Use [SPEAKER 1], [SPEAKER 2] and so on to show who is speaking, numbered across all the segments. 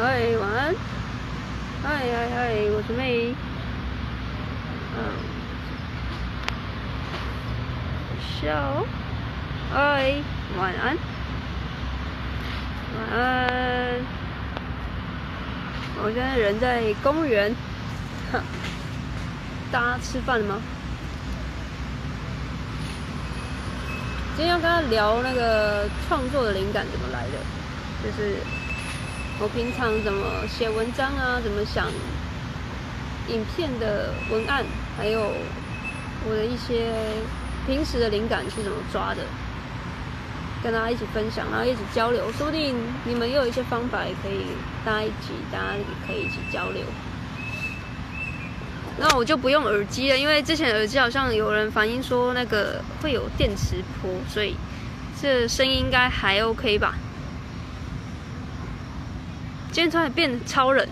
[SPEAKER 1] 嗨、hey，晚安。嗨嗨嗨，我是美。嗯，show。嗨，晚安。晚安。我、oh, 現在人在公園。哈，大家吃飯了嗎？今天要跟他聊那個創作的靈感怎麼來的，就是。我平常怎麼寫文章啊？怎麼想影片的文案，還有我的一些平時的靈感是怎麼抓的？跟大家一起分享，然後一起交流，說不定你們也有一些方法，也可以大家一起，大家也可以一起交流。那我就不用耳機了，因為之前耳機好像有人反映說那個會有電磁波，所以這聲音應該還 OK 吧。今天突然變超冷，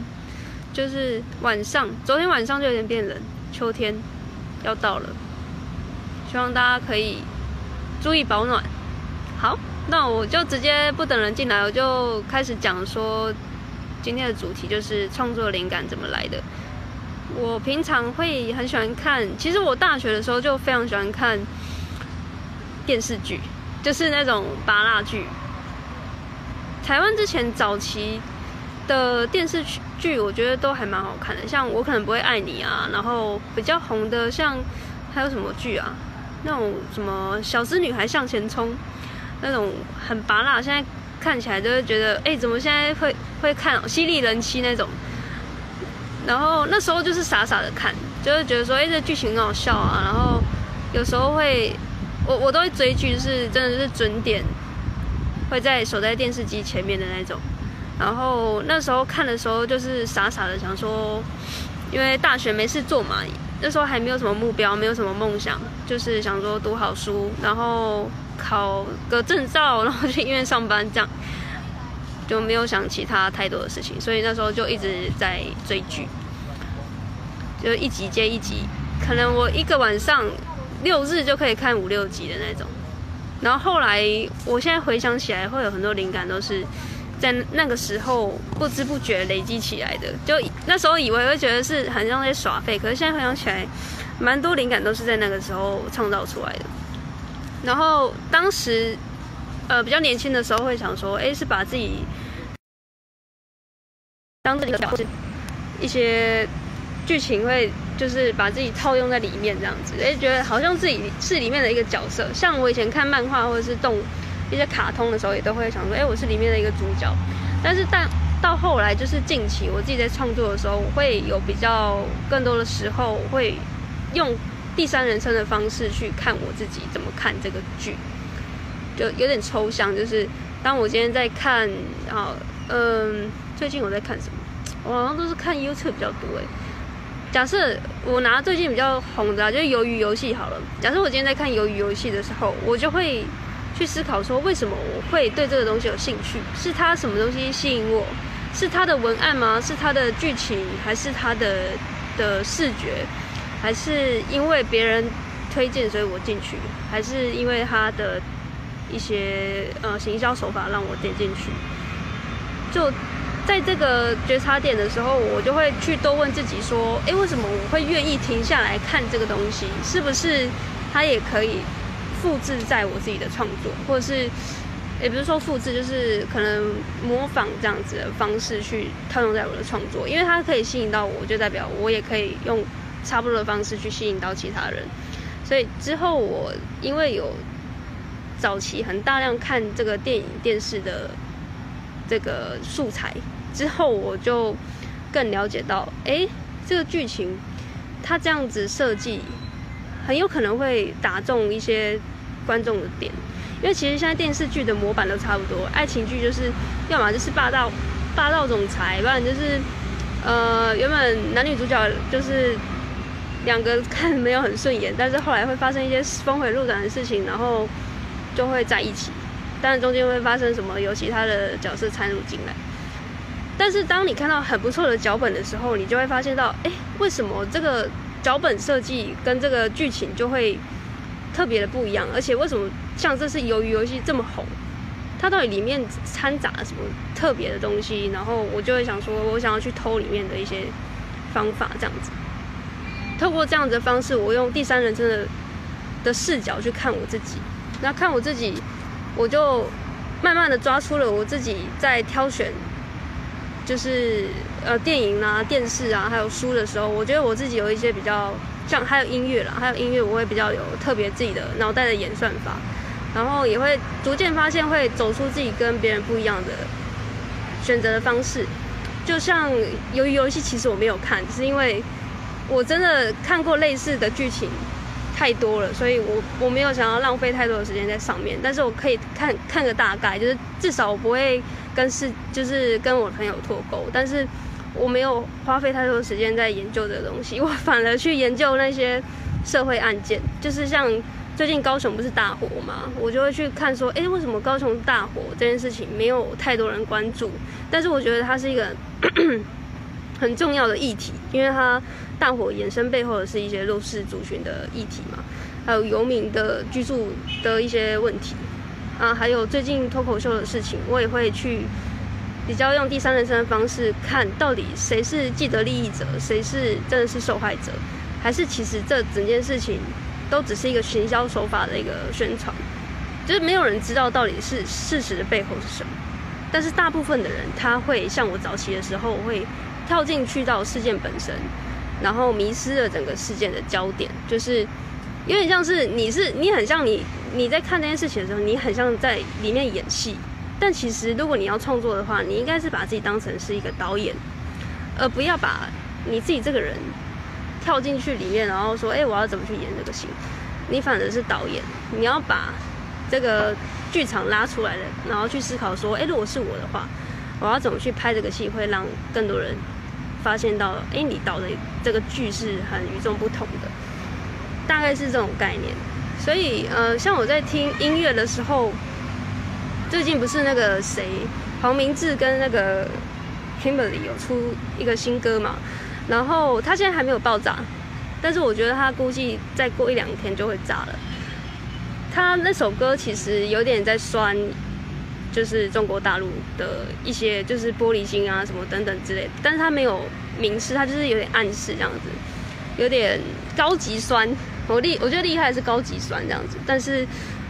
[SPEAKER 1] 就是晚上，昨天晚上就有點變冷，秋天要到了，希望大家可以注意保暖。好，那我就直接不等人進來，我就開始講說今天的主題就是創作靈感怎麼來的。我平常會很喜歡看，其實我大學的時候就非常喜歡看電視劇，就是那種芭樂劇。台灣之前早期的電視劇，我覺得都還蠻好看的，像我可能不會愛你啊，然後比較紅的像還有什麼劇啊，那種什麼小資女孩向前衝，那種很拔辣，現在看起來就會覺得，哎、欸，怎麼現在會會看、啊、犀利人妻那種？然後那時候就是傻傻的看，就是覺得說，哎、欸，這個劇情很好笑啊，然後有時候會，我我都會追劇、就是，是真的是準點，會在守在電視機前面的那種。然後那時候看的時候就是傻傻的想說，因為大學沒事做嘛，那時候還沒有什麼目標，沒有什麼夢想，就是想說讀好書，然後考個證照，然後去醫院上班，這樣就沒有想其他太多的事情。所以那時候就一直在追劇，就一集接一集，可能我一個晚上六日就可以看五六集的那種。然後後來我現在回想起來，會有很多靈感都是。在那個時候不知不覺累積起來的，就那時候以為會覺得是很像在耍廢，可是現在回想起來，蠻多靈感都是在那個時候創造出來的。然後當時，呃，比較年輕的時候會想說，哎、欸，是把自己當自己的角色，一些劇情會就是把自己套用在裡面這樣子，哎、欸，覺得好像自己是裡面的一個角色。像我以前看漫畫或者是動。一些卡通的時候也都會想說，哎、欸，我是裡面的一個主角。但是但，但到後來就是近期，我自己在創作的時候，我會有比較更多的時候我會用第三人稱的方式去看我自己怎麼看這個劇，就有點抽象。就是當我今天在看啊，嗯，最近我在看什麼？我好像都是看 YouTube 比較多誒。假設我拿最近比較紅的啊，就是《魷魚遊戲》好了。假設我今天在看《魷魚遊戲》的時候，我就會，去思考說，為什麼我會對這個東西有興趣？是它什麼東西吸引我？是它的文案嗎？是它的劇情，還是它的的視覺？還是因為別人推薦所以我進去？還是因為它的一些呃行銷手法讓我點進去？就在這個覺察點的時候，我就會去多問自己說，誒，為什麼我會願意停下來看這個東西？是不是它也可以？複製在我自己的創作，或者是也不是說複製，就是可能模仿這樣子的方式去套用在我的創作，因為它可以吸引到我，就代表我也可以用差不多的方式去吸引到其他人。所以之後我因為有早期很大量看這個電影電視的這個素材之後，我就更了解到，誒，這個劇情它這樣子設計。很有可能會打中一些觀眾的點，因為其實現在電視劇的模板都差不多，愛情劇就是要麼就是霸道霸道總裁，不然就是呃原本男女主角就是兩個看沒有很順眼，但是後來會發生一些峰回路轉的事情，然後就會在一起，當然中間會發生什麼有其他的角色參入進來，但是當你看到很不錯的腳本的時候，你就會發現到，哎，為什麼這個？腳本設計跟這個劇情就會特別的不一樣，而且為什麼像這次《魷魚遊戲》這麼紅，它到底裡面摻雜什麼特別的東西？然後我就會想說，我想要去偷裡面的一些方法，這樣子，透過這樣子的方式，我用第三人稱的的視角去看我自己，那看我自己，我就慢慢的抓出了我自己在挑選，就是。呃，電影啊、電視啊，還有書的時候，我覺得我自己有一些比較像，還有音樂啦，還有音樂，我會比較有特別自己的腦袋的演算法，然後也會逐漸發現會走出自己跟別人不一樣的選擇的方式。就像《魷魚遊戲》，其實我沒有看，只是因為我真的看過類似的劇情太多了，所以我我沒有想要浪費太多的時間在上面，但是我可以看看個大概，就是至少我不會跟是就是跟我朋友脫鈎，但是。我沒有花費太多時間在研究這東西，我反而去研究那些社會案件，就是像最近高雄不是大火嘛，我就會去看說，哎、欸，為什麼高雄大火這件事情沒有太多人關注？但是我覺得它是一個 很重要的議題，因為它大火延伸背後的是一些弱勢族群的議題嘛，還有遊民的居住的一些問題，啊，還有最近脫口秀的事情，我也會去。比較用第三人稱的方式看，到底誰是既得利益者，誰是真的是受害者，還是其實這整件事情都只是一個行銷手法的一個宣傳，就是沒有人知道到底是事實的背後是什麼。但是大部分的人，他會像我早期的時候我會跳進去到事件本身，然後迷失了整個事件的焦點，就是有點像是你是你很像你你在看這件事情的時候，你很像在裡面演戲。但其實，如果你要創作的話，你應該是把自己當成是一個導演，而不要把你自己這個人跳進去裡面，然後說：“哎，我要怎麼去演這個戲？”你反而是導演，你要把這個劇場拉出來的，然後去思考說：“哎，如果是我的話，我要怎麼去拍這個戲，會讓更多人發現到：哎，你導的這個劇是很與眾不同的。”大概是這種概念。所以，呃，像我在聽音樂的時候。最近不是那個誰，黃明志跟那個 Kimberley 有出一個新歌嘛？然後他現在還沒有爆炸，但是我覺得他估計再過一兩天就會炸了。他那首歌其實有點在酸，就是中國大陸的一些就是玻璃心啊什麼等等之類，但是他沒有明示，他就是有點暗示這樣子，有點高級酸。我厲我覺得厲害的是高級酸這樣子，但是。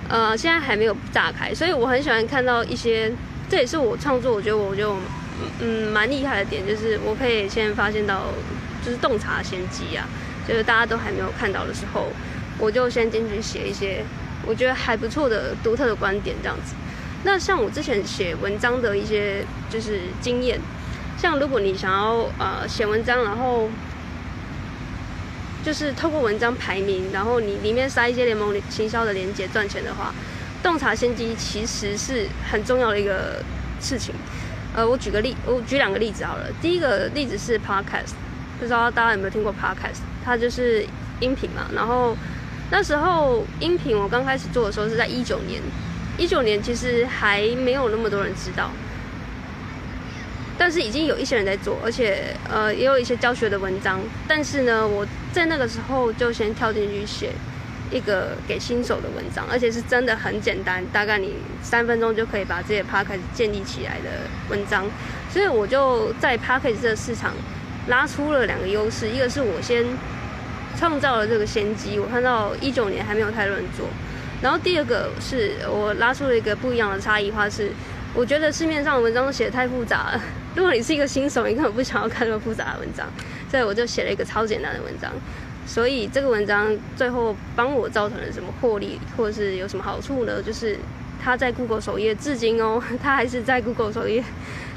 [SPEAKER 1] 呃，現在還沒有炸開，所以我很喜歡看到一些，這也是我創作，我覺得我就嗯嗯，蠻厲害的點，就是我可以先發現到，就是洞察先機啊，就是大家都還沒有看到的時候，我就先進去寫一些我覺得還不錯的獨特的觀點這樣子。那像我之前寫文章的一些就是經驗，像如果你想要呃寫文章，然後。就是透過文章排名，然後你裡面塞一些聯盟行銷的鏈接賺錢的話，洞察先機其實是很重要的一個事情。呃，我舉個例，我舉兩個例子好了。第一個例子是 Podcast，不知道大家有沒有聽過 Podcast？它就是音頻嘛。然後那時候音頻我剛開始做的時候是在一九年，一九年其實還沒有那麼多人知道，但是已經有一些人在做，而且呃也有一些教學的文章。但是呢，我。在那個時候就先跳進去寫一個給新手的文章，而且是真的很簡單，大概你三分鐘就可以把這些 Podcast 建立起來的文章。所以我就在 Podcast 這個市場拉出了兩個優勢，一個是我先創造了這個先機，我看到一九年還沒有太多人做。然後第二個是我拉出了一個不一樣的差異化是，是我覺得市面上的文章都寫得太複雜了，如果你是一個新手，你根本不想要看那麼複雜的文章。所以我就寫了一個超簡單的文章，所以這個文章最後幫我造成了什麼獲利，或者是有什麼好處呢？就是他在 Google 首頁，至今哦，他還是在 Google 首頁，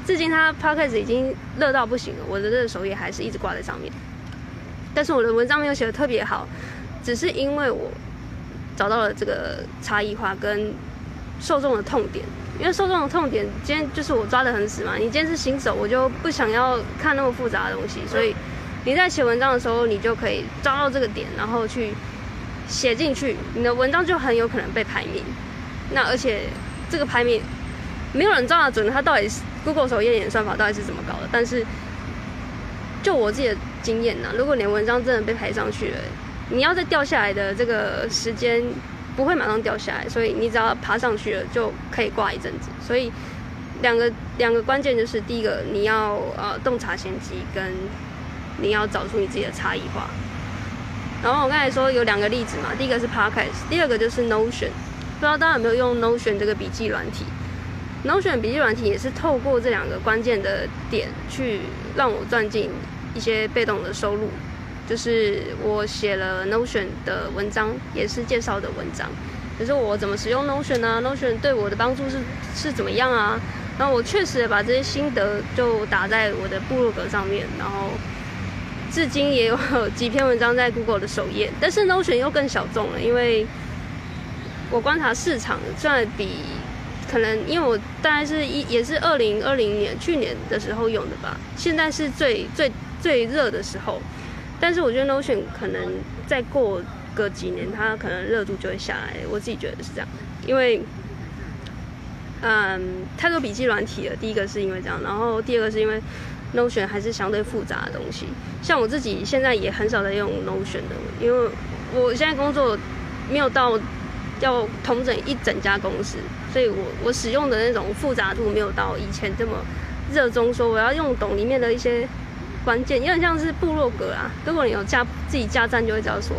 [SPEAKER 1] 至今他 podcast 已經熱到不行了，我的這個首頁還是一直掛在上面。但是我的文章沒有寫得特別好，只是因為我找到了這個差異化跟受眾的痛點，因為受眾的痛點，今天就是我抓得很死嘛，你今天是新手，我就不想要看那麼複雜的東西，所以。你在寫文章的時候，你就可以抓到這個點，然後去寫進去，你的文章就很有可能被排名。那而且這個排名沒有人抓得準，它到底是 Google 首頁演算法到底是怎麼搞的？但是就我自己的經驗呢、啊，如果你的文章真的被排上去了，你要再掉下來的這個時間不會馬上掉下來，所以你只要爬上去了就可以掛一陣子。所以兩個兩個關鍵就是：第一個，你要呃洞察先機跟，你要找出你自己的差異化。然後我剛才說有兩個例子嘛，第一個是 Podcast，第二個就是 Notion。不知道大家有沒有用 Notion 這個筆記軟體？Notion 筆記軟體也是透過這兩個關鍵的點，去讓我賺進一些被動的收入。就是我寫了 Notion 的文章，也是介紹的文章，可是我怎麼使用 Notion 啊，Notion 對我的幫助是是怎麼樣啊？然後我確實的把這些心得就打在我的部落格上面，然後。至今也有幾篇文章在 Google 的首頁，但是 Notion 又更小眾了。因為我觀察市場占比，占比可能，因為我大概是一也是二零二零年去年的時候用的吧，現在是最最最熱的時候。但是我覺得 Notion 可能再過個幾年，它可能熱度就會下來。我自己覺得是這樣，因為嗯，太多筆記軟體了。第一個是因為這樣，然後第二個是因為。Notion 還是相對複雜的東西，像我自己現在也很少在用 Notion 的，因為我現在工作沒有到要統整一整家公司，所以我我使用的那種複雜度沒有到以前這麼熱衷說我要用懂裡面的一些關鍵，有點像是部落格啊，如果你有加自己加站就會知道說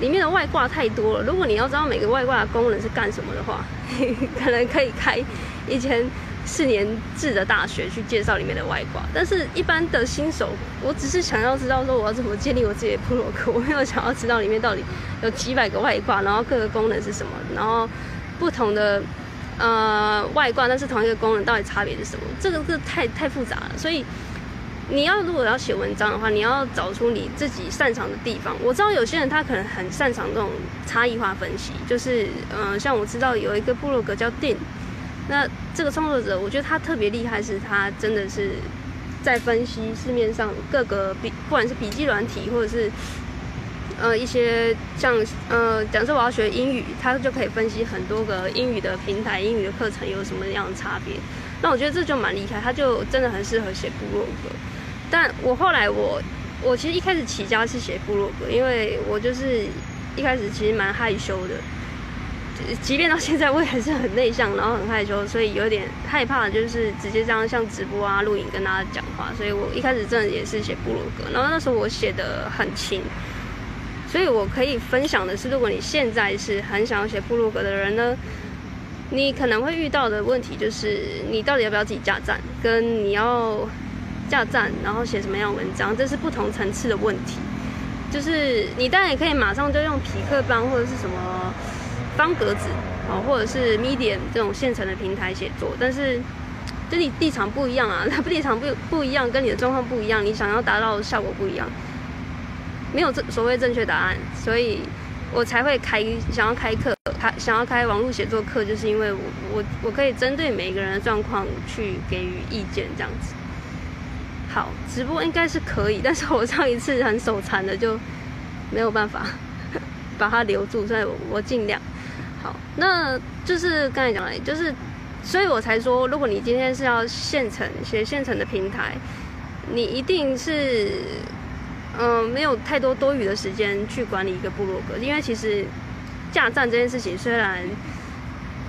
[SPEAKER 1] 裡面的外掛太多了，如果你要知道每個外掛的功能是幹什麼的話，嘿嘿，可能可以開以前四年制的大學去介紹裡面的外掛，但是一般的新手，我只是想要知道說我要怎麼建立我自己的部落格，我沒有想要知道裡面到底有幾百個外掛，然後各個功能是什麼，然後不同的呃外掛，但是同一個功能到底差別是什麼，這個是太太複雜了。所以你要如果要寫文章的話，你要找出你自己擅長的地方。我知道有些人他可能很擅長這種差異化分析，就是嗯、呃，像我知道有一個部落格叫電。那這個創作者，我覺得他特別厲害，是他真的是在分析市面上各個筆，不管是筆記軟體，或者是，呃，一些像呃，假設我要學英語，他就可以分析很多個英語的平台、英語的課程有什麼樣的差別。那我覺得這就蠻厲害，他就真的很適合寫部落格。但我後來我我其實一開始起家是寫部落格，因為我就是一開始其實蠻害羞的。即便到現在，我也還是很內向，然後很害羞，所以有點害怕，就是直接這樣像直播啊、錄影跟大家講話。所以我一開始真的也是寫部落格，然後那時候我寫得很勤。所以我可以分享的是，如果你現在是很想要寫部落格的人呢，你可能會遇到的問題就是，你到底要不要自己架站，跟你要架站，然後寫什麼樣的文章，這是不同層次的問題。就是你當然也可以馬上就用痞客邦或者是什麼。方格子啊、哦，或者是 Medium 這種現成的平台寫作，但是就你立場不一樣啊，立場不不一樣，跟你的狀況不一樣，你想要達到的效果不一樣，沒有正，所謂正確答案，所以我才會開想要開課，開想要開網絡寫作課，就是因為我我我可以針對每一個人的狀況去給予意見這樣子。好，直播應該是可以，但是我上一次很手殘的，就沒有辦法把它留住，所以我盡量。那就是剛才講了，就是，所以我才說，如果你今天是要現成寫現成的平台，你一定是，嗯，沒有太多多餘的時間去管理一個部落格，因為其實架站這件事情，雖然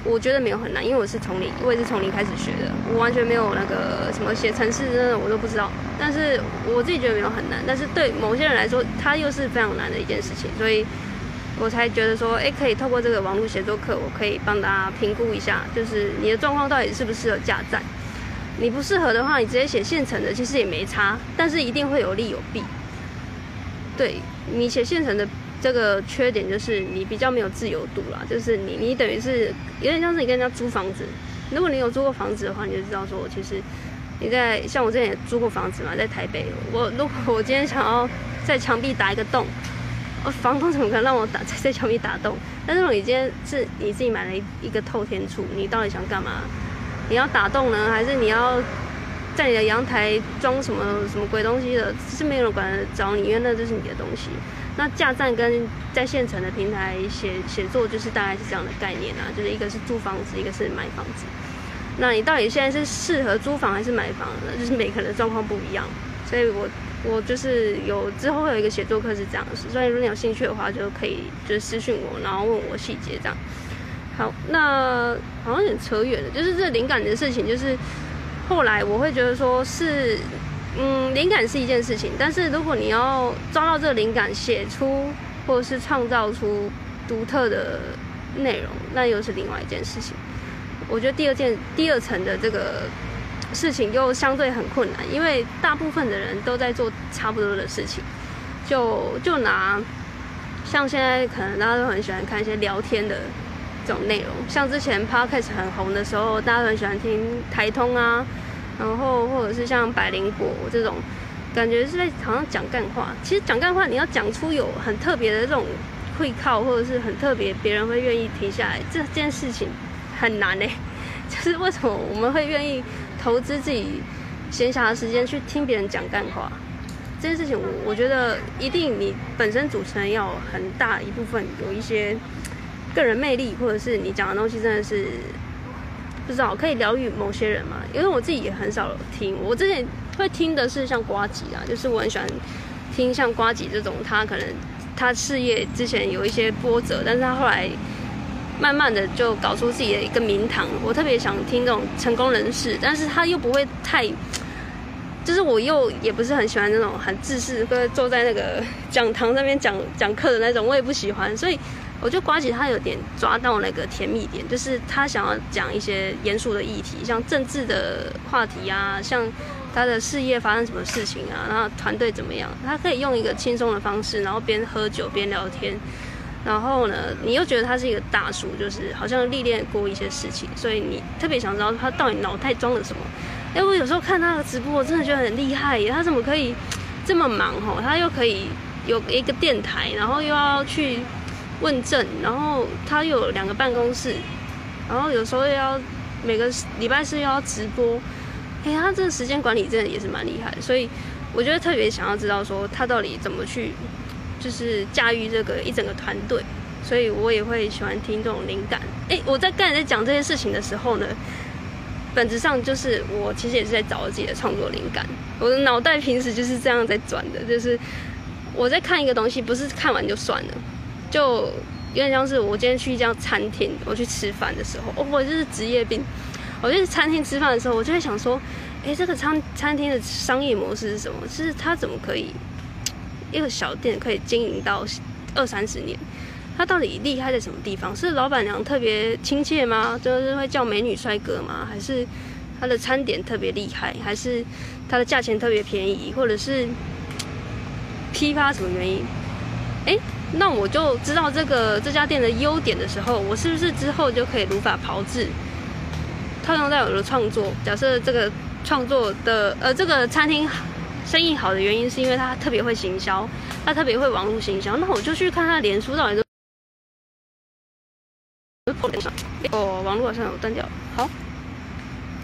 [SPEAKER 1] 我覺得沒有很難，因為我是從零，我也是從零開始學的，我完全沒有那個什麼寫程式，真的我都不知道。但是我自己覺得沒有很難，但是對某些人來說，它又是非常難的一件事情，所以。我才覺得說，哎，可以透過這個網路寫作課，我可以幫大家評估一下，就是你的狀況到底適不適合架站。你不適合的話，你直接寫現成的，其實也沒差，但是一定會有利有弊。對，你寫現成的這個缺點，就是你比較沒有自由度啦，就是你你等於是有點像是你跟人家租房子。如果你有租過房子的話，你就知道說，我其實你在像我之前也租過房子嘛，在台北。我如果我今天想要在牆壁打一個洞。我、哦、房東怎麼可能讓我打在在牆壁打洞？但是我已經是你自己買了一一個透天厝，你到底想幹嘛？你要打洞呢，還是你要在你的陽台裝什麼什麼鬼東西的？是沒有人管得著你，因為那就是你的東西。那架站跟在現成的平台寫寫作，就是大概是這樣的概念啊，就是一個是租房子，一個是買房子。那你到底現在是適合租房還是買房的呢？就是每個人的狀況不一樣，所以我。我就是有之後會有一個寫作課是這樣子的，所以如果你有興趣的話，就可以就是私訊我，然後問我細節這樣。好，那好像有點扯遠了，就是這靈感的事情，就是後來我會覺得說是，嗯，靈感是一件事情，但是如果你要抓到這個靈感，寫出或者是創造出獨特的內容，那又是另外一件事情。我覺得第二件、第二層的這個。事情又相對很困難，因為大部分的人都在做差不多的事情。就就拿像現在，可能大家都很喜歡看一些聊天的這種內容。像之前 Podcast 很紅的時候，大家都很喜歡聽台通啊，然後或者是像百靈果這種，感覺是在好像講幹話。其實講幹話，你要講出有很特別的這種會靠，或者是很特別，別人會願意停下來這件事情很難嘞、欸。就是為什麼我們會願意？投資自己閒暇的時間去聽別人講幹話這件事情，我我覺得一定你本身主持人要有很大一部分，有一些個人魅力，或者是你講的東西真的是不知道可以療癒某些人嘛？因為我自己也很少有聽，我之前會聽的是像呱吉啊，就是我很喜歡聽像呱吉這種，他可能他事業之前有一些波折，但是他後來。慢慢的就搞出自己的一個名堂。我特別想聽那種成功人士，但是他又不會太，就是我又也不是很喜歡那種很自私，會會坐在那個講堂上面講講課的那種，我也不喜歡。所以，我就呱吉他有點抓到那個甜蜜點，就是他想要講一些嚴肅的議題，像政治的話題啊，像他的事業發生什麼事情啊，然後團隊怎麼樣，他可以用一個輕鬆的方式，然後邊喝酒邊聊天。然後呢，你又覺得他是一個大叔，就是好像歷練過一些事情，所以你特別想知道他到底腦袋裝了什麼。哎，我有時候看他的直播，我真的覺得很厲害，他怎麼可以這麼忙吼？他又可以有一個電台，然後又要去問政，然後他又有兩個辦公室，然後有時候要每個禮拜四又要直播，哎，他這個時間管理真的也是蠻厲害，所以我覺得特別想要知道說他到底怎麼去。就是駕馭這個一整個團隊，所以我也會喜歡聽這種靈感。哎，我在剛才在講這些事情的時候呢，本質上就是我其實也是在找自己的創作靈感。我的腦袋平時就是這樣在轉的，就是我在看一個東西，不是看完就算了，就有點像是我今天去一家餐廳，我去吃飯的時候，哦，我就是職業病，我就是餐廳吃飯的時候，我就會想說，哎，這個餐餐廳的商業模式是什麼？就是它怎麼可以？一個小店可以經營到二三十年，它到底厲害在什麼地方？是老闆娘特別親切嗎？就是會叫美女帥哥嗎？還是它的餐點特別厲害？還是它的價錢特別便宜？或者是批發什麼原因？哎，那我就知道這個這家店的優點的時候，我是不是之後就可以如法炮製，套用在我的創作？假設這個創作的呃這個餐廳。生意好的原因是因為他特別會行銷，他特別會網路行銷。那我就去看他的臉書到底是。哦，網絡好像有斷掉。好，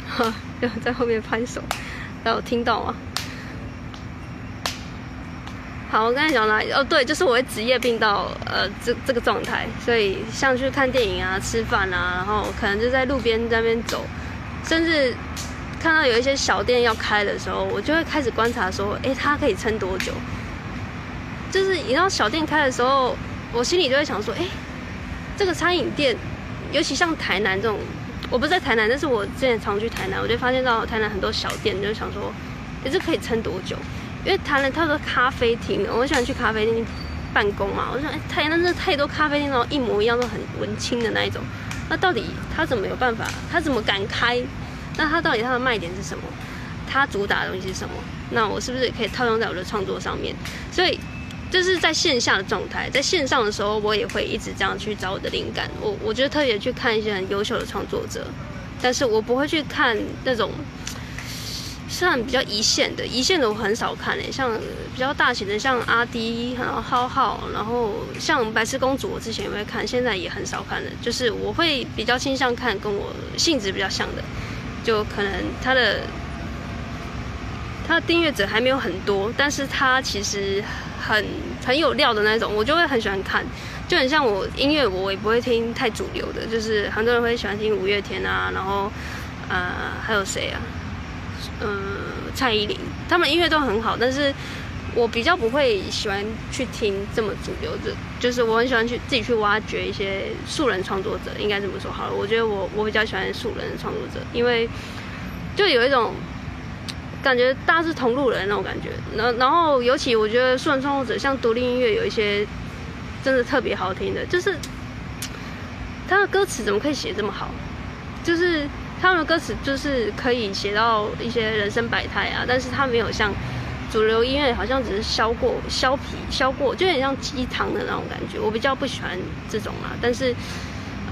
[SPEAKER 1] 哈，在後面拍手，讓我聽到啊。好，我跟你講啦，哦，對，就是我會職業病到呃這這個狀態，所以像去看電影啊、吃飯啊，然後可能就在路邊在那邊走，甚至。看到有一些小店要開的時候，我就會開始觀察，說：誒、欸，它可以撐多久？就是一到小店開的時候，我心裡就會想說：誒、欸，這個餐飲店，尤其像台南這種，我不是在台南，但是我之前常去台南，我就發現到台南很多小店，就想說，欸、這是可以撐多久？因為台南它的咖啡廳我很喜歡去咖啡廳辦公嘛、啊，我就想，哎、欸，台南真的太多咖啡廳了，一模一樣，都很文青的那一種，那到底他怎麼有辦法？他怎麼敢開？那它到底它的賣點是什麼？它主打的東西是什麼？那我是不是也可以套用在我的創作上面？所以，這，就是在線下的狀態，在線上的時候，我也會一直這樣去找我的靈感。我我覺得特別去看一些很優秀的創作者，但是我不會去看那種，算比較一線的，一線的我很少看誒、欸、像比較大型的，像阿滴，然後浩浩，然後像白痴公主，我之前也會看，現在也很少看了。就是我會比較傾向看跟我性質比較像的。就可能他的他的訂閱者還沒有很多，但是他其實很很有料的那種，我就會很喜歡看。就很像我音樂，我也不會聽太主流的，就是很多人會喜歡聽五月天啊，然後呃還有誰啊，嗯、呃、蔡依林，他們音樂都很好，但是。我比較不會喜歡去聽這麼主流的，就是我很喜歡去自己去挖掘一些素人創作者，應該這麼說好了，我覺得我我比較喜歡素人創作者，因為就有一種感覺，大家是同路人那種感覺。然後，然後尤其我覺得素人創作者，像獨立音樂有一些真的特別好聽的，就是他的歌詞怎麼可以寫這麼好？就是他們的歌詞就是可以寫到一些人生百態啊，但是他沒有像。主流音樂好像只是削過、削皮、削過，就有點像雞湯的那種感覺。我比較不喜歡這種嘛，但是，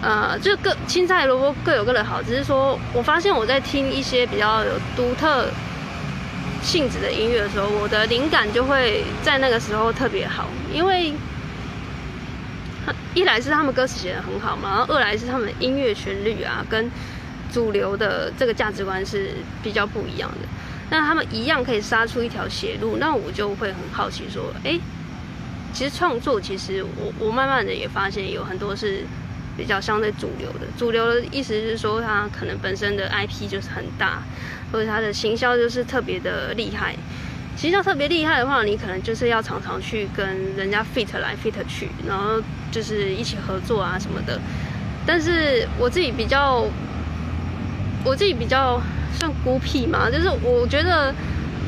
[SPEAKER 1] 呃，就各青菜蘿蔔各有各的好。只是說我發現我在聽一些比較有獨特性質的音樂的時候，我的靈感就會在那個時候特別好。因為一來是他們歌詞寫得很好嘛，然後二來是他們音樂旋律啊，跟主流的這個價值觀是比較不一樣的。那他們一樣可以殺出一條血路，那我就會很好奇說，哎、欸，其實創作，其實我我慢慢的也發現有很多是比較相對主流的，主流的意思是說他可能本身的 IP 就是很大，或者他的行銷就是特別的厲害。行銷特別厲害的話，你可能就是要常常去跟人家 fit 來 fit 去，然後就是一起合作啊什麼的。但是我自己比較。我自己比較算孤僻嘛，就是我覺得，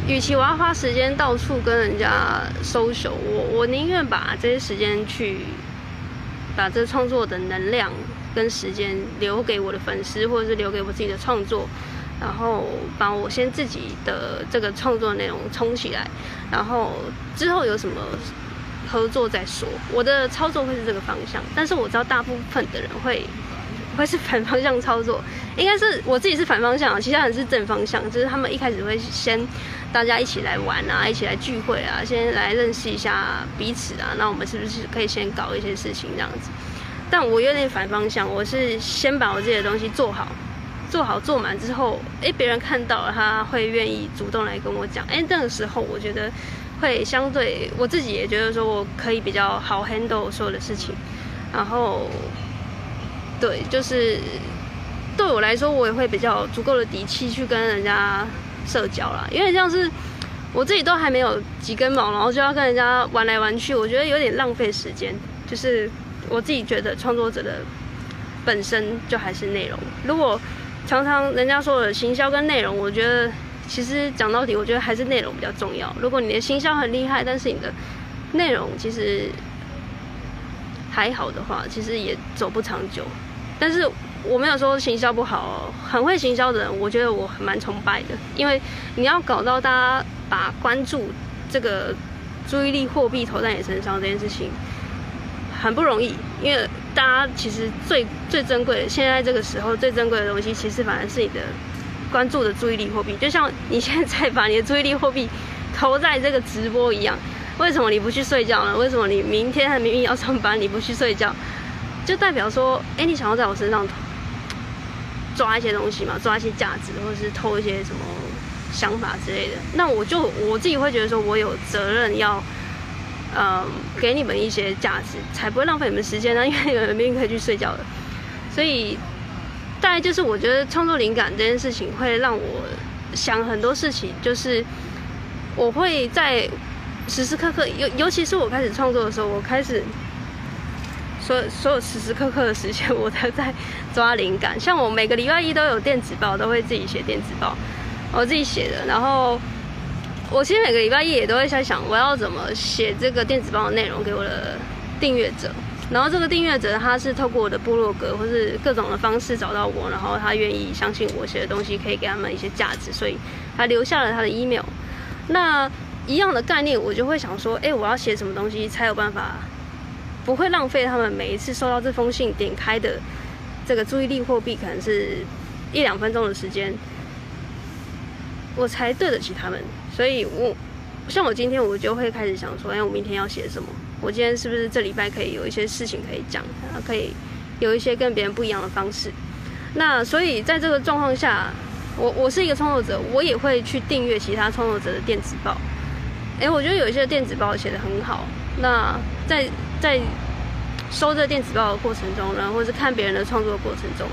[SPEAKER 1] 與其我要花時間到處跟人家搜索，我我寧願把這些時間去，把這創作的能量跟時間留給我的粉絲，或者是留給我自己的創作，然後把我先自己的這個創作內容衝起來，然後之後有什麼合作再說。我的操作會是這個方向，但是我知道大部分的人會。會是反方向操作，應該是我自己是反方向啊，其他人是正方向。就是他們一開始會先大家一起來玩啊，一起來聚會啊，先來認識一下彼此啊。那我們是不是可以先搞一些事情這樣子？但我有點反方向，我是先把我自己的東西做好，做好做滿之後，哎，別人看到了他會願意主動來跟我講。哎，這、那個時候我覺得會相對我自己也覺得說我可以比較好 handle 所有的事情，然後。對，就是對我來說，我也會比較足夠的底氣去跟人家社交啦。因為像是我自己都還沒有幾根毛，然後就要跟人家玩來玩去，我覺得有點浪費時間。就是我自己覺得創作者的本身就還是內容。如果常常人家說我的行銷跟內容，我覺得其實講到底，我覺得還是內容比較重要。如果你的行銷很厲害，但是你的內容其實還好的話，其實也走不長久。但是我沒有說行銷不好哦，很會行銷的人，我覺得我很蠻崇拜的。因為你要搞到大家把關注這個注意力貨幣投在你身上這件事情，很不容易。因為大家其實最最珍貴的，現在這個時候最珍貴的東西，其實反而是你的關注的注意力貨幣。就像你現在把你的注意力貨幣投在這個直播一樣，為什麼你不去睡覺呢？為什麼你明天還明明要上班，你不去睡覺？就代表說，哎、欸，你想要在我身上抓一些東西嘛？抓一些價值，或者是偷一些什麼想法之類的？那我就我自己會覺得說，我有責任要，嗯、呃，給你們一些價值，才不會浪費你們時間呢。因為你們明明可以去睡覺的。所以，大概就是我覺得創作靈感這件事情會讓我想很多事情。就是我會在時時刻刻，尤尤其是我開始創作的時候，我開始。所所有時時刻刻的時間，我都在抓靈感。像我每個禮拜一都有電子報，都會自己寫電子報，我自己寫的。然後我其實每個禮拜一也都會在想，我要怎麼寫這個電子報的內容給我的訂閱者。然後這個訂閱者他是透過我的部落格或是各種的方式找到我，然後他願意相信我寫的東西可以給他們一些價值，所以他留下了他的 email。那一樣的概念，我就會想說，哎，我要寫什麼東西才有辦法不會浪費他們每一次收到這封信點開的這個注意力貨幣，可能是一兩分鐘的時間，我才對得起他們。所以，我像我今天我就會開始想說，哎，我明天要寫什麼？我今天是不是這禮拜可以有一些事情可以講，可以有一些跟別人不一樣的方式？那所以，在這個狀況下我，我我是一個創作者，我也會去訂閱其他創作者的電子報。哎，我覺得有一些電子報寫得很好。那在在收這電子報的過程中呢，然後或是看別人的創作的過程中，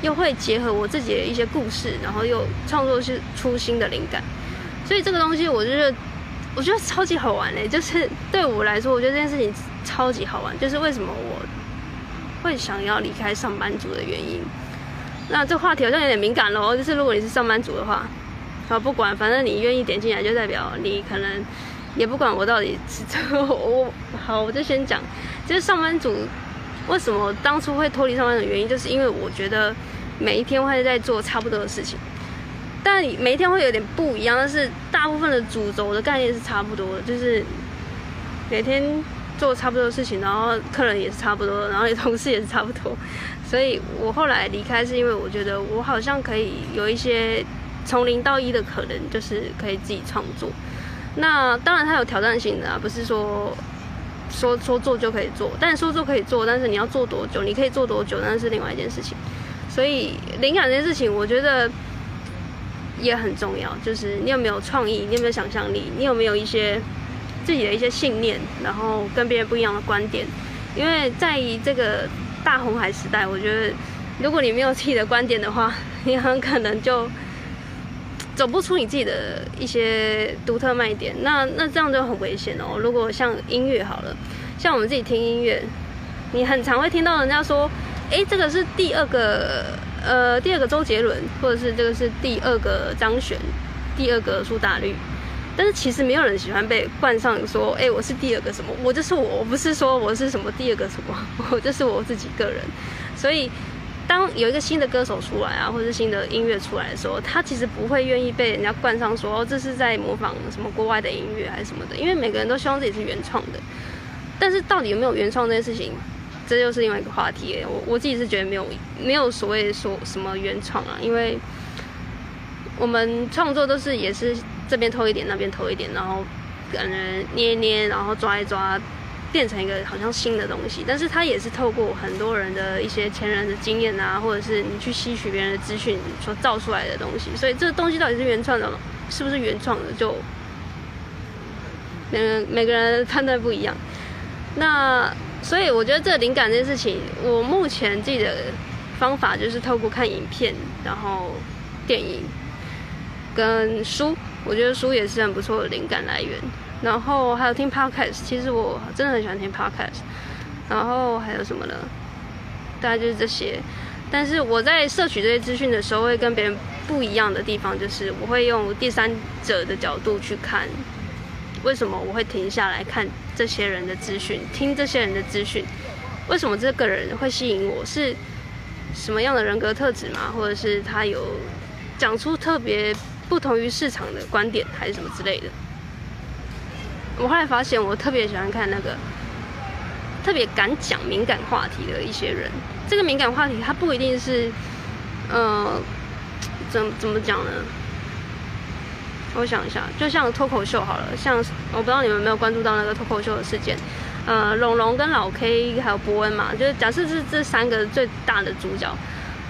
[SPEAKER 1] 又會結合我自己的一些故事，然後又創作出新的靈感。所以這個東西，我覺得，我覺得超級好玩嘞、欸。就是對我來說，我覺得這件事情超級好玩。就是為什麼我會想要離開上班族的原因。那這話題好像有點敏感哦。就是如果你是上班族的話，反正不管，反正你願意點進來，就代表你可能。也不管我到底，我 好，我就先講，就是上班族為什麼當初會脫離上班的原因，就是因為我覺得每一天會是在做差不多的事情，但每一天會有點不一樣，但是大部分的主軸的概念是差不多的，就是每天做差不多的事情，然後客人也是差不多，然後同事也是差不多，所以我後來離開是因為我覺得我好像可以有一些從零到一的可能，就是可以自己創作。那當然，它有挑戰性的啊，不是說說說做就可以做。但是說做可以做，但是你要做多久，你可以做多久，那是另外一件事情。所以，靈感這件事情，我覺得也很重要，就是你有沒有創意，你有沒有想象力，你有沒有一些自己的一些信念，然後跟別人不一樣的觀點。因為在這個大紅海時代，我覺得如果你沒有自己的觀點的話，你很可能就。走不出你自己的一些獨特賣點，那那這樣就很危險哦。如果像音樂好了，像我們自己聽音樂，你很常會聽到人家說，哎、欸，這個是第二個呃第二個周杰倫，或者是這個是第二個張懸，第二個蘇打綠，但是其實沒有人喜歡被冠上說，哎、欸，我是第二個什麼，我就是我，我不是說我是什麼第二個什麼，我就是我自己個人，所以。當有一個新的歌手出來啊，或者是新的音樂出來的時候，他其實不會願意被人家冠上說，哦，這是在模仿什麼國外的音樂還是什麼的，因為每個人都希望自己是原創的。但是到底有沒有原創這件事情，這就是另外一個話題。我我自己是覺得沒有沒有所謂說什麼原創啊，因為我們創作都是也是這邊偷一點那邊偷一點，然後感覺捏一捏，然後抓一抓。變成一個好像新的東西，但是它也是透過很多人的一些前人的經驗啊，或者是你去吸取別人的資訊所造出來的東西。所以這個東西到底是原創的？是不是原創的？就每個人，每個人的判斷不一樣。那所以我覺得這個靈感這件事情，我目前自己的方法就是透過看影片，然後電影跟書，我覺得書也是很不錯的靈感來源。然後還有聽 Podcast，其實我真的很喜歡聽 Podcast。然後還有什麼呢？大概就是這些。但是我在攝取這些資訊的時候，會跟別人不一樣的地方就是，我會用第三者的角度去看。為什麼我會停下來看這些人的資訊，聽這些人的資訊？為什麼這個人會吸引我？是什麼樣的人格特質嗎？或者是他有講出特別不同於市場的觀點，還是什麼之類的。我後來發現，我特別喜歡看那個特別敢講敏感話題的一些人。這個敏感話題，他不一定是，呃，怎怎麼講呢？我想一下，就像脫口秀好了，像我不知道你們有沒有關注到那個脫口秀的事件，呃，龍龍跟老 K 還有波恩嘛，就是假設是這三個最大的主角，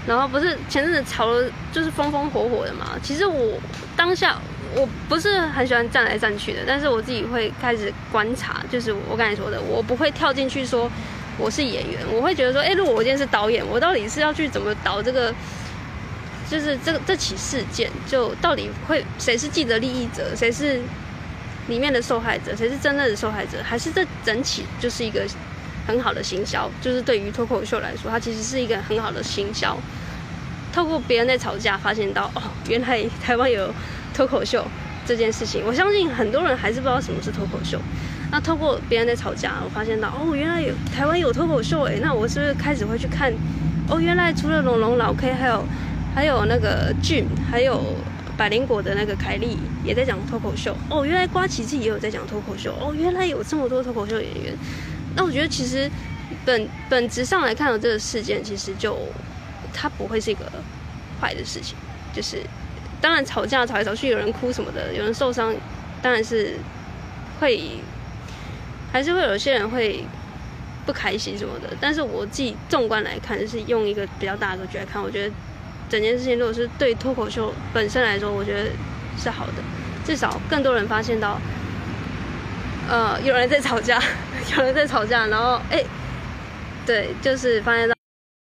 [SPEAKER 1] 然後不是前陣子炒的就是風風火火的嘛。其實我當下。我不是很喜歡站來站去的，但是我自己會開始觀察，就是我剛才說的，我不會跳進去說我是演員，我會覺得說，哎，如果我今天是導演，我到底是要去怎麼導這個，就是這個這起事件，就到底會誰是既得利益者，誰是裡面的受害者，誰是真正的受害者，還是這整起就是一個很好的行銷？就是對於脫口秀來說，它其實是一個很好的行銷，透過別人在吵架，發現到哦，原來台灣有。脫口秀這件事情，我相信很多人還是不知道什麼是脫口秀。那透過別人在吵架，我發現到哦，原來有台灣有脫口秀哎，那我是不是開始會去看？哦，原來除了龍龍、老 K 還有還有那個俊，還有百靈果的那個凱莉也在講脫口秀。哦，原來呱吉自己也有在講脫口秀。哦，原來有這麼多脫口秀演員。那我覺得其實本本質上來看，的這個事件其實就它不會是一個壞的事情，就是，當然吵架吵來吵去，有人哭什麼的，有人受傷，當然是會還是會有些人會不開心什麼的。但是我自己縱觀來看，就是用一個比較大的格局來看，我覺得整件事情如果是對脫口秀本身來說，我覺得是好的，至少更多人發現到，呃，有人在吵架，有人在吵架，然後誒對，就是發現到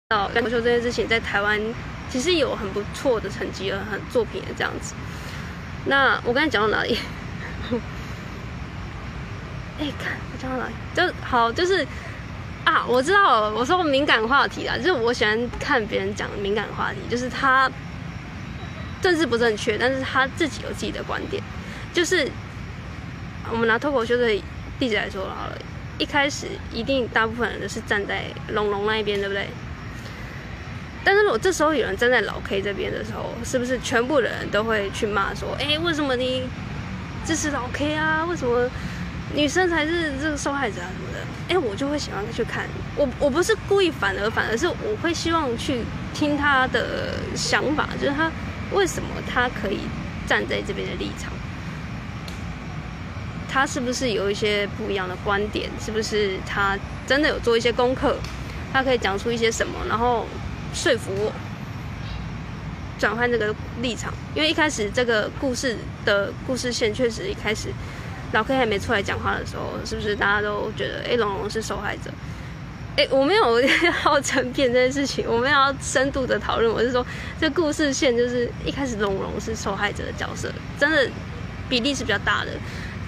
[SPEAKER 1] 到脫口秀這件事情在台灣。其實有很不錯的成績和很,很作品的這樣子。那我剛才講到哪裡？哎、 欸，看我講到哪裡，就好，就是啊，我知道了我說敏感話題啦，就是我喜歡看別人講敏感話題，就是他政治不正確，但是他自己有自己的觀點。就是我們拿脫口秀的例子來說好了，一開始一定大部分人都是站在龍龍那一邊，對不對？但是我這時候有人站在老 K 這邊的時候，是不是全部的人都會去罵說：“哎、欸，為什麼你支持老 K 啊？為什麼女生才是這個受害者啊？”什麼的，哎、欸，我就會喜歡去看我，我不是故意，反而反而是我會希望去聽他的想法，就是他為什麼他可以站在這邊的立場，他是不是有一些不一樣的觀點？是不是他真的有做一些功課？他可以講出一些什麼？然後。說服我轉換這個立場，因為一開始這個故事的故事線確實一開始，老 K 還沒出來講話的時候，是不是大家都覺得誒龍龍是受害者？誒，我沒有要爭辯這件事情，我沒有要深度的討論。我是說，這故事線就是一開始龍龍是受害者的角色，真的比例是比較大的，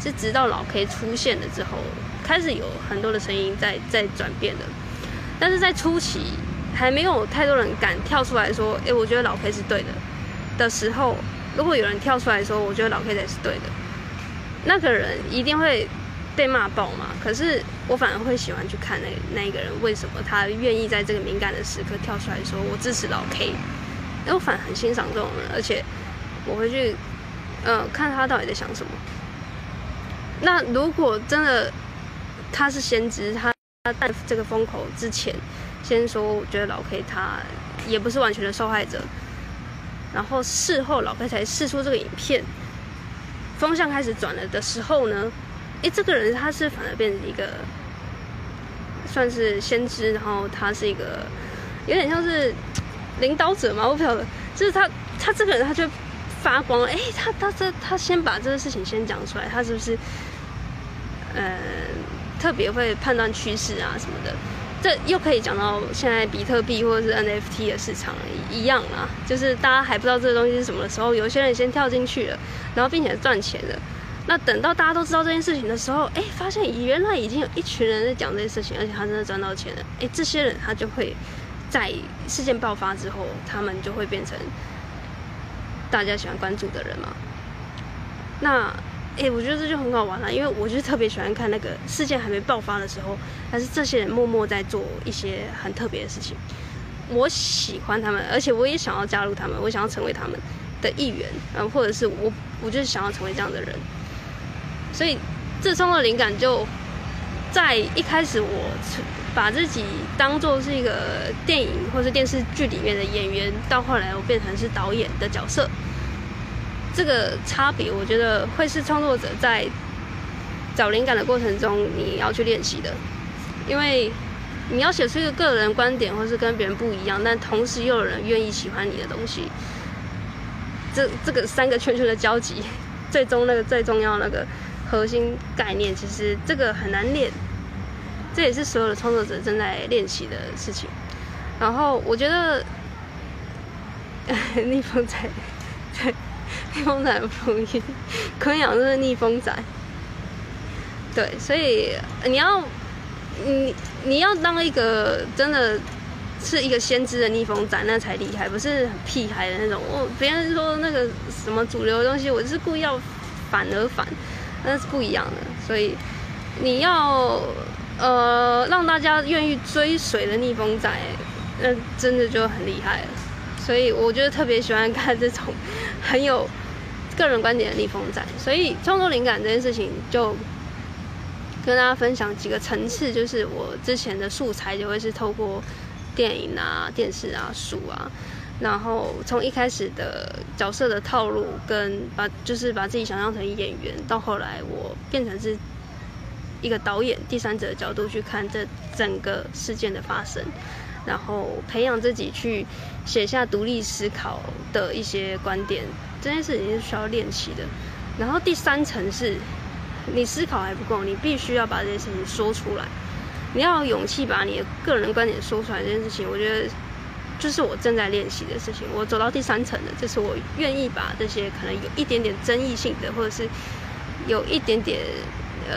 [SPEAKER 1] 是直到老 K 出現了之後，開始有很多的聲音在在轉變的，但是在初期。還沒有太多人敢跳出來說：“哎、欸，我覺得老 K 是對的。”的時候，如果有人跳出來說：“我覺得老 K 才是對的”，那個人一定會被罵爆嘛。可是我反而會喜歡去看那個、那一個人為什麼他願意在這個敏感的時刻跳出來說“我支持老 K”，、欸、因為我反而很欣賞這種人，而且我會去嗯、呃、看他到底在想什麼。那如果真的他是先知，他在這個風口之前。先說，我覺得老 K 他也不是完全的受害者。然後事後老 K 才釋出這個影片，方向開始轉了的時候呢，哎、欸，這個人他是反而變成一個算是先知，然後他是一個有點像是領導者嘛。我不曉得，就是他他這個人他就發光了。哎、欸，他他這他，他先把這個事情先講出來，他是不是嗯、呃、特別會判斷趨勢啊什麼的？這又可以講到現在比特幣或者是 NFT 的市場一樣啊，就是大家還不知道這個東西是什麼的時候，有些人先跳進去了，然後並且賺錢了。那等到大家都知道這件事情的時候，哎，發現原來已經有一群人在講這件事情，而且他真的賺到錢了。哎，這些人他就會在事件爆發之後，他們就會變成大家喜歡關注的人嘛。那。誒、欸，我覺得這就很好玩了，啊，因為我就特別喜歡看那個事件還沒爆發的時候，但是這些人默默在做一些很特別的事情。我喜歡他們，而且我也想要加入他們，我想要成為他們的一員，嗯、呃，或者是我，我就是想要成為這樣的人。所以，這創作靈感就在一開始，我把自己當作是一個電影或是電視劇裡面的演員，到後來我變成是導演的角色。這個差別，我覺得會是創作者在找靈感的過程中你要去練習的，因為你要寫出一個個人觀點，或是跟別人不一樣，但同時又有人願意喜歡你的東西這。這這個三個圈圈的交集，最終那個最重要的那個核心概念，其實這個很難練，這也是所有的創作者正在練習的事情。然後我覺得，蜜蜂在，對。逆風仔不容易，昆陽就是逆風仔。對，所以你要你你要當一個真的是一個先知的逆風仔，那才厲害，不是很屁孩的那種。我別人說那個什麼主流的東西，我是故意要反而反，那是不一樣的。所以你要呃讓大家願意追隨的逆風仔，欸，那真的就很厲害了。所以我就特別喜歡看這種很有個人觀點的逆風在，所以創作靈感這件事情，就跟大家分享幾個層次，就是我之前的素材就會是透過電影啊、電視啊、書啊，然後從一開始的角色的套路跟把，就是把自己想象成演員，到後來我變成是一個導演，第三者的角度去看這整個事件的發生。然後培養自己去寫下獨立思考的一些觀點，這件事情是需要練習的。然後第三層是，你思考還不夠，你必須要把這件事情說出來。你要有勇氣把你的個人觀點說出來，這件事情我覺得就是我正在練習的事情。我走到第三層了，這是我願意把這些可能有一點點爭議性的，或者是有一點點呃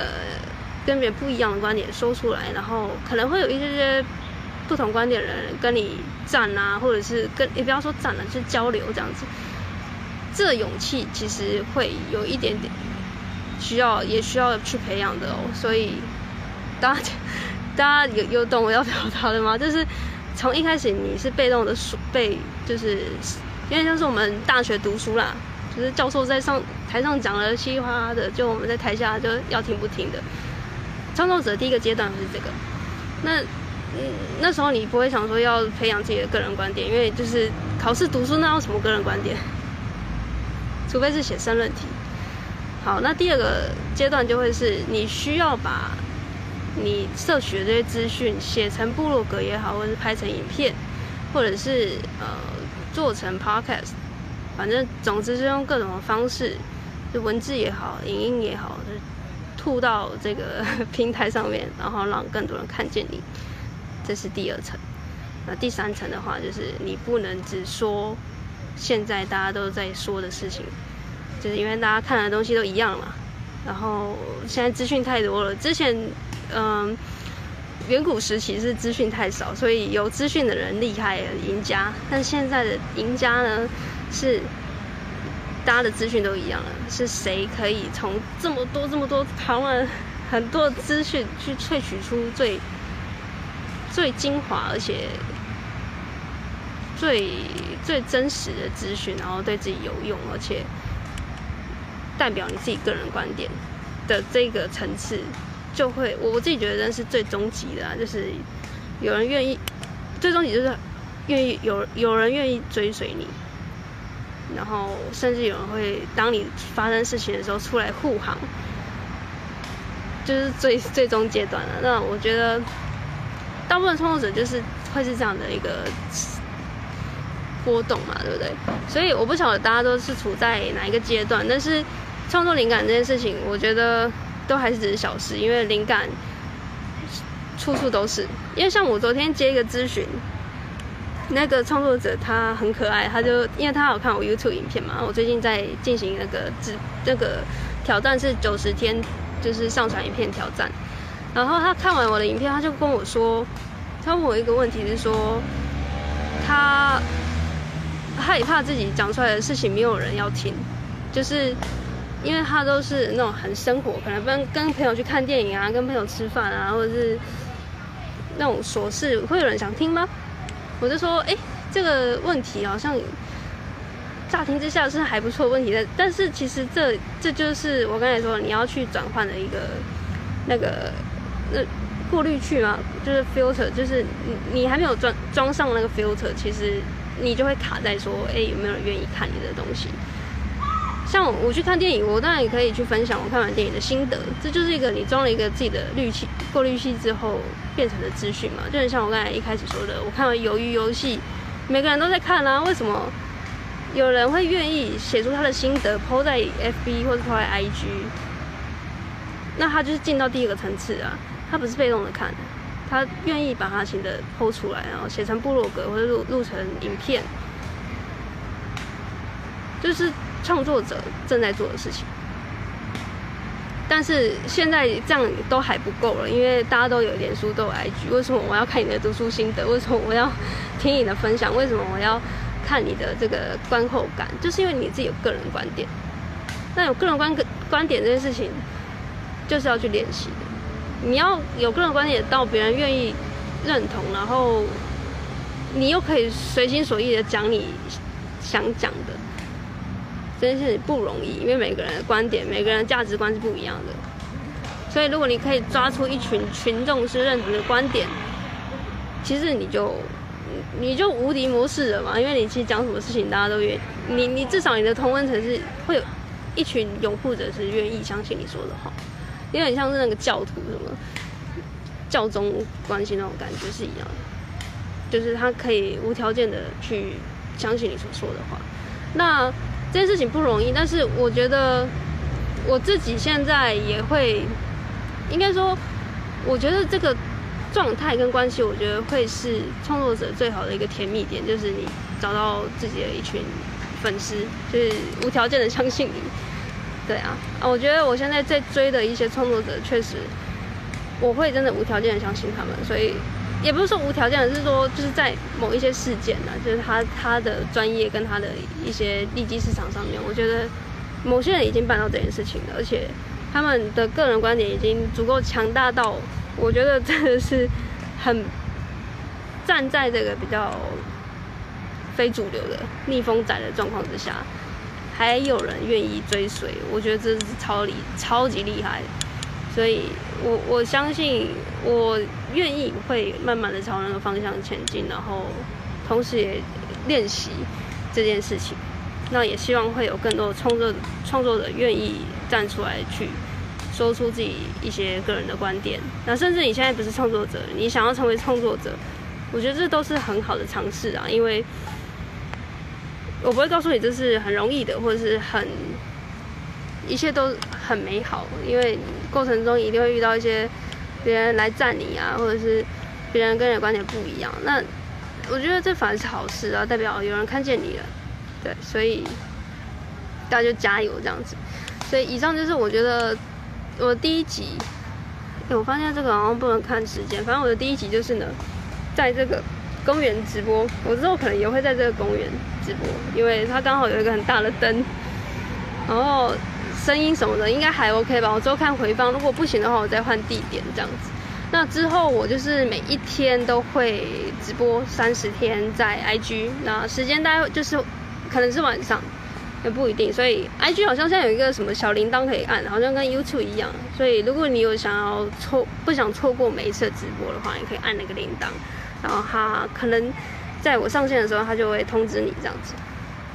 [SPEAKER 1] 跟別人不一樣的觀點說出來，然後可能會有一些些。不同觀點的人跟你站啊，或者是跟也、欸、不要說站了，就是，交流這樣子，這勇氣其實會有一點點需要，也需要去培養的哦。所以大，大家大家有有懂我要表達的嗎？就是從一開始你是被動的被，就是因為像是我們大學讀書啦，就是教授在上台上講的嘻嘻哈哈的，就我們在台下就要聽不聽的。創作者的第一個階段是這個，那。嗯，那時候你不會想說要培養自己的個人觀點，因為就是考試讀書，那要什麼個人觀點？除非是寫申論題。好，那第二個階段就會是你需要把你攝取的這些資訊寫成部落格也好，或者是拍成影片，或者是呃做成 podcast，反正總之是用各種方式，就文字也好，影音也好，就吐到這個平台上面，然後讓更多人看見你。這是第二層，那第三層的話，就是你不能只說現在大家都在說的事情，就是因為大家看的東西都一樣了。然後現在資訊太多了，之前嗯、呃，遠古時期是資訊太少，所以有資訊的人厲害，贏家。但現在的贏家呢，是大家的資訊都一樣了，是誰可以從這麼多這麼多旁人很多資訊去萃取出最最精華，而且最最真實的資訊，然後對自己有用，而且代表你自己個人觀點的這個層次，就會我我自己覺得那是最終極的，啊，就是有人願意，最終極就是願意有有人願意追隨你，然後甚至有人會當你發生事情的時候出來護航，就是最最終階段了，啊。那我覺得。大部分創作者就是會是這樣的一個波動嘛，對不對？所以我不曉得大家都是處在哪一個階段，但是創作靈感這件事情，我覺得都還是只是小事，因為靈感處處都是。因為像我昨天接一個諮詢，那個創作者他很可愛，他就因為他有看我 YouTube 影片嘛，我最近在進行那個只那個挑戰是九十天，就是上傳影片挑戰。然後他看完我的影片，他就跟我說，他問我一個問題，是說他害怕自己講出來的事情沒有人要聽，就是因為他都是那種很生活，可能跟跟朋友去看電影啊，跟朋友吃飯啊，或者是那種瑣事，會有人想聽嗎？我就說，哎，這個問題好像乍聽之下是還不錯的問題，但但是其實這這就是我剛才說你要去轉換的一個那個。那過濾器嘛，就是 filter，就是你你還沒有裝裝上那個 filter，其實你就會卡在說，哎、欸，有沒有人願意看你的東西？像我，我去看電影，我當然也可以去分享我看完電影的心得，這就是一個你裝了一個自己的濾器過濾器之後變成的資訊嘛。就很像我剛才一開始說的，我看完《魷魚遊戲》，每個人都在看啦、啊，為什麼有人會願意寫出他的心得，拋在 FB 或者拋在 IG，那他就是進到第一個層次啊。他不是被動的看，他願意把他寫的剖出來，然後寫成部落格或者錄錄成影片，就是創作者正在做的事情。但是現在這樣都還不夠了，因為大家都有連書都有 ig，為什麼我要看你的讀書心得？為什麼我要聽你的分享？為什麼我要看你的這個觀後感？就是因為你自己有個人觀點。那有個人觀觀點這件事情，就是要去練習。你要有個人觀點也到別人願意認同，然後你又可以隨心所欲的講你想講的，真是不容易。因為每個人的觀點、每個人價值觀是不一樣的，所以如果你可以抓出一群群眾是認同的觀點，其實你就你就無敵模式了嘛。因為你其實講什麼事情，大家都願，你你至少你的同溫層是會有一群擁護者是願意相信你說的話。有點像是那個教徒什麼，教宗關係那種感覺是一樣的，就是他可以無條件的去相信你所說的話。那這件事情不容易，但是我覺得我自己現在也會，應該說，我覺得這個狀態跟關係，我覺得會是創作者最好的一個甜蜜點，就是你找到自己的一群粉絲，就是無條件的相信你。對啊，啊，我覺得我現在在追的一些創作者，確實，我會真的無條件的相信他們。所以，也不是說無條件，是說就是在某一些事件呢、啊，就是他他的專業跟他的一些利基市場上面，我覺得某些人已經辦到這件事情了，而且他們的個人觀點已經足夠強大到，我覺得真的是很站在這個比較非主流的逆風仔的狀況之下。還有人願意追隨，我覺得這是超厲超級厲害，所以我我相信我願意會慢慢的朝那個方向前進，然後同時也練習這件事情。那也希望會有更多創作創作者願意站出來去說出自己一些個人的觀點。那甚至你現在不是創作者，你想要成為創作者，我覺得這都是很好的嘗試啊，因為。我不會告訴你這是很容易的，或者是很，一切都很美好，因為過程中一定會遇到一些別人來讚你啊，或者是別人跟你的觀點不一樣。那我覺得這反而是好事啊，代表有人看見你了，對，所以大家就加油這樣子。所以以上就是我覺得我第一集，欸、我發現這個好像不能看時間，反正我的第一集就是呢，在這個公園直播。我之後可能也會在這個公園直播，因為它剛好有一個很大的燈，然後聲音什麼的應該還 OK 吧。我之後看回放，如果不行的話，我再換地點這樣子。那之後我就是每一天都會直播三十天在 IG，那時間大概就是可能是晚上，也不一定。所以 IG 好像現在有一個什麼小鈴鐺可以按，好像跟 YouTube 一樣。所以如果你有想要錯不想錯過每一次直播的話，你可以按那個鈴鐺，然後它可能。在我上線的時候，他就會通知你這樣子。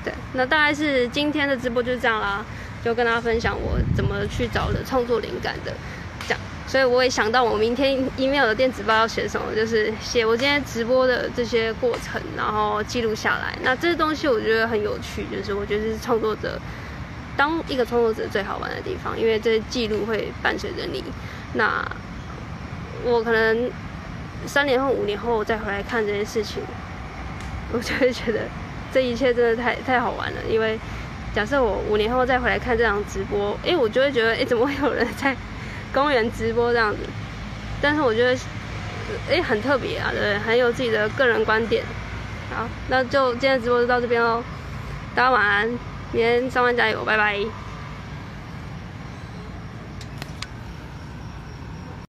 [SPEAKER 1] 對，那大概是今天的直播就是這樣啦，就跟大家分享我怎麼去找的創作靈感的，這樣。所以我也想到，我明天 Email 的電子報要寫什麼，就是寫我今天直播的這些過程，然後記錄下來。那這些東西我覺得很有趣，就是我覺得是創作者當一個創作者最好玩的地方，因為這些記錄會伴隨着你。那我可能三年後、五年後再回來看這件事情。我就會覺得這一切真的太太好玩了，因為假設我五年後再回來看這場直播，誒、欸，我就會覺得，誒、欸，怎麼會有人在公園直播這樣子？但是我覺得，誒、欸，很特別啊，對不對？很有自己的個人觀點。好，那就今天直播就到這邊嘍，大家晚安，明天上班加油，拜拜。